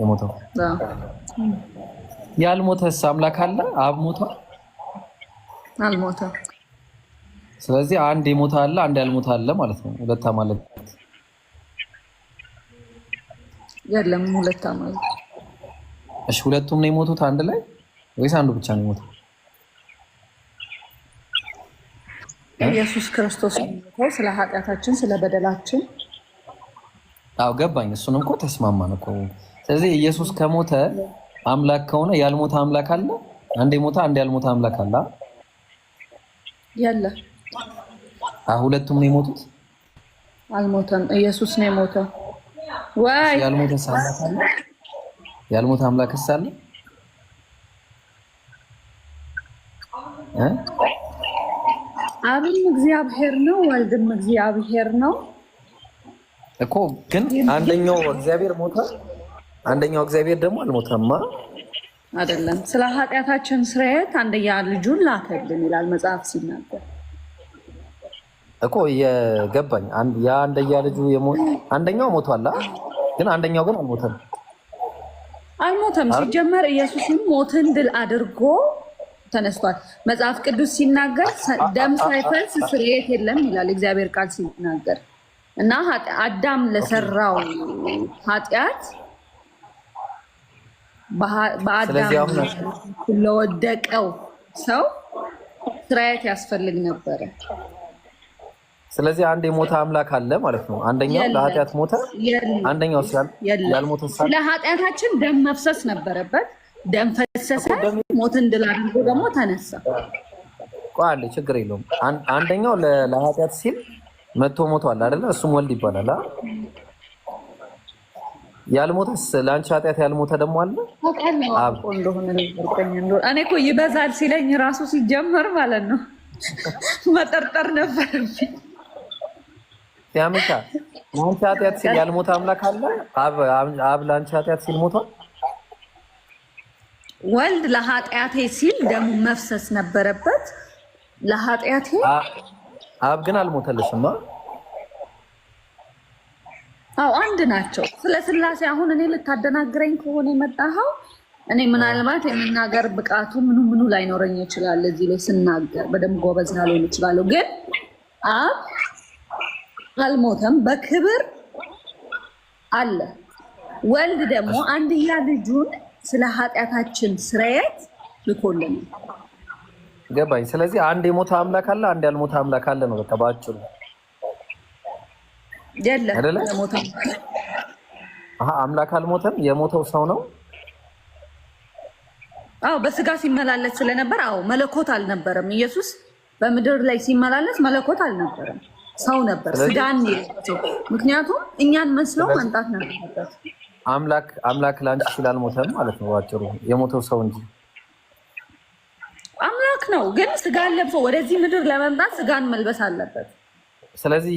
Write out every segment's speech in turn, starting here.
የሞተው ያልሞተስ አምላክ አለ? አብ ሞቷል? አልሞተ። ስለዚህ አንድ የሞተ አለ፣ አንድ ያልሞተ አለ ማለት ነው። ሁለት ማለት የለም። ሁለት ማለት እሺ፣ ሁለቱም ነው የሞቱት አንድ ላይ ወይስ አንዱ ብቻ ነው የሞተው? ኢየሱስ ክርስቶስ ሞተው ስለ ኃጢአታችን ስለ በደላችን። አዎ ገባኝ። እሱን እኮ ተስማማን እኮ ስለዚህ ኢየሱስ ከሞተ አምላክ ከሆነ ያልሞተ አምላክ አለ? አንድ የሞተ አንድ ያልሞተ አምላክ አለ? ያለ ሁለቱም ነው የሞቱት። አልሞተም፣ ኢየሱስ ነው የሞተው። ወይ ያልሞተ አምላክ ያልሞተ አምላክ አለ? አብም እግዚአብሔር ነው፣ ወልድም እግዚአብሔር ነው እኮ ግን አንደኛው እግዚአብሔር ሞተ አንደኛው እግዚአብሔር ደግሞ አልሞተማ አይደለም። ስለ ኃጢአታችን ስርየት አንደኛ ልጁን ላከልን ይላል መጽሐፍ ሲናገር እኮ የገባኝ አንደኛ ልጁ አንደኛው ሞቷል፣ ግን አንደኛው ግን አልሞተም። አልሞተም ሲጀመር ኢየሱስም ሞትን ድል አድርጎ ተነስቷል። መጽሐፍ ቅዱስ ሲናገር ደም ሳይፈልስ ስርየት የለም ይላል እግዚአብሔር ቃል ሲናገር እና አዳም ለሰራው ኃጢአት በአዳም ለወደቀው ሰው ስርየት ያስፈልግ ነበረ። ስለዚህ አንድ የሞተ አምላክ አለ ማለት ነው። አንደኛው ለኃጢአት ሞተ፣ አንደኛው ያልሞተ ስለ ኃጢአታችን ደም መፍሰስ ነበረበት። ደም ፈሰሰ፣ ሞት እንድላድርጎ ደግሞ ተነሳ። ቋል ችግር የለውም። አንደኛው ለኃጢአት ሲል መጥቶ ሞቷል አይደለ? እሱም ወልድ ይባላል። ያልሞተስ ለአንቺ ኃጢአት ያልሞተ ደግሞ አለ እኔ እኮ ይበዛል ሲለኝ ራሱ ሲጀመር ማለት ነው መጠርጠር ነበር። ያምቻ ለአንቺ ኃጢአት ሲል ያልሞተ አምላክ አለ? አብ ለአንቺ ኃጢአት ሲል ሞቷል። ወልድ ለኃጢአቴ ሲል ደግሞ መፍሰስ ነበረበት። ለኃጢአቴ አብ ግን አልሞተልሽማ አዎ አንድ ናቸው። ስለ ስላሴ አሁን እኔ ልታደናግረኝ ከሆነ የመጣኸው እኔ ምናልባት የመናገር ብቃቱ ምኑ ምኑ ላይኖረኝ ይችላል። እዚህ ላይ ስናገር በደንብ ጎበዝ ላልሆን ይችላለሁ። ግን አብ አልሞተም፣ በክብር አለ። ወልድ ደግሞ አንድያ ልጁን ስለ ኃጢአታችን ስርየት ልኮልን ገባኝ። ስለዚህ አንድ የሞተ አምላክ አለ፣ አንድ ያልሞተ አምላክ አለ ነው በቃ በአጭሩ የለም አምላክ አልሞተም። የሞተው ሰው ነው። አዎ በስጋ ሲመላለስ ስለነበር፣ አዎ መለኮት አልነበረም። ኢየሱስ በምድር ላይ ሲመላለስ መለኮት አልነበረም፣ ሰው ነበር። ስጋን ምክንያቱም እኛን መስለው መምጣት ነበረበት። አምላክ አምላክ ለአንቺ ስላልሞተም ማለት ነው ባጭሩ፣ የሞተው ሰው እንጂ አምላክ ነው። ግን ስጋን ለብሶ ወደዚህ ምድር ለመምጣት ስጋን መልበስ አለበት። ስለዚህ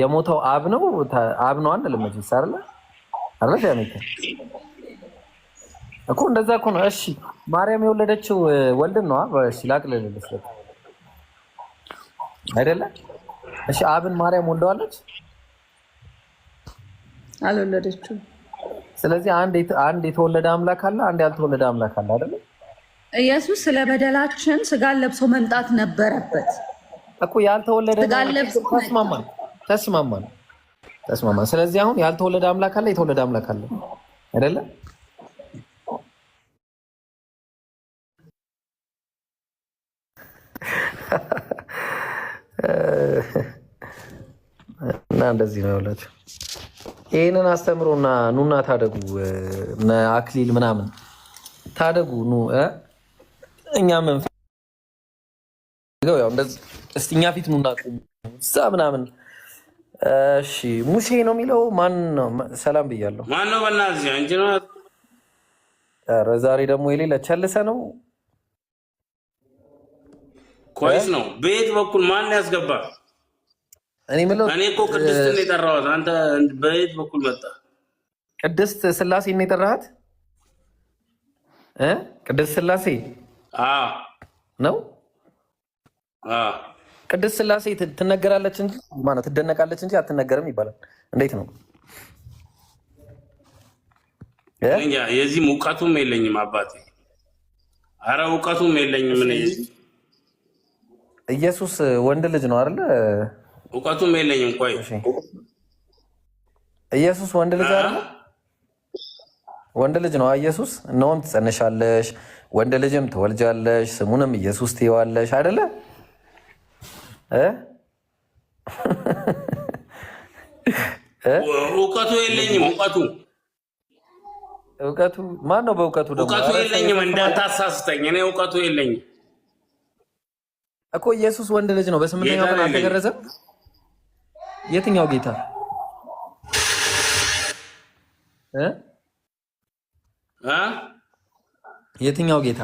የሞተው አብ ነው አብ ነው አንድ መቼስ አይደለ አይደለ ያሜከ እኮ እንደዛ እኮ ነው። እሺ ማርያም የወለደችው ወልድን ነው። እሺ ላቅልልልህ አይደለ እሺ አብን ማርያም ወልደዋለች አልወለደችም። ስለዚህ አንድ የተወለደ አምላክ አለ፣ አንድ ያልተወለደ አምላክ አለ አይደለ። ኢየሱስ ስለ በደላችን ስጋን ለብሶ መምጣት ነበረበት። እኮ ያልተወለደ ተስማማን ተስማማን ተስማማን። ስለዚህ አሁን ያልተወለደ አምላክ አለ፣ የተወለደ አምላክ አለ አይደለ? እና እንደዚህ ነው ለት ይህንን አስተምሮና ኑና ታደጉ አክሊል ምናምን ታደጉ ኑ እኛ መንፈ እስቲ እኛ ፊት ነው ቁሙ እዛ ምናምን። እሺ ሙሴ ነው የሚለው ማን ነው? ሰላም ብያለሁ። ማን ነው? በእናትህ እንጂ ኧረ ዛሬ ደግሞ የሌለ ቸልሰ ነው። ኮይስ ነው በየት በኩል ማን ያስገባ? እኔ ምለው እኔ እኮ ቅድስትን የጠራኋት አንተ በየት በኩል መጣ? ቅድስት ስላሴ ነው የጠራሃት? ቅድስት ስላሴ ነው ቅድስት ስላሴ ትነገራለች እንጂ ማለት ትደነቃለች እንጂ አትነገርም ይባላል። እንዴት ነው? የዚህም እውቀቱም የለኝም አባቴ። አረ እውቀቱም የለኝም። ኢየሱስ ወንድ ልጅ ነው አይደለ? እውቀቱም የለኝም። ቆይ ኢየሱስ ወንድ ልጅ አለ? ወንድ ልጅ ነው ኢየሱስ። እነሆም ትጸንሻለሽ፣ ወንድ ልጅም ትወልጃለሽ፣ ስሙንም ኢየሱስ ትይዋለሽ አይደለ? እውቀቱ የለኝም። እውቀቱ እውቀቱ ማን ነው? በእውቀቱ ደግሞ እውቀቱ የለኝም። እንዳታሳስተኝ፣ እኔ እውቀቱ የለኝም እኮ ኢየሱስ ወንድ ልጅ ነው። በስምንተኛው ቀን አልተገረዘም። የትኛው ጌታ የትኛው ጌታ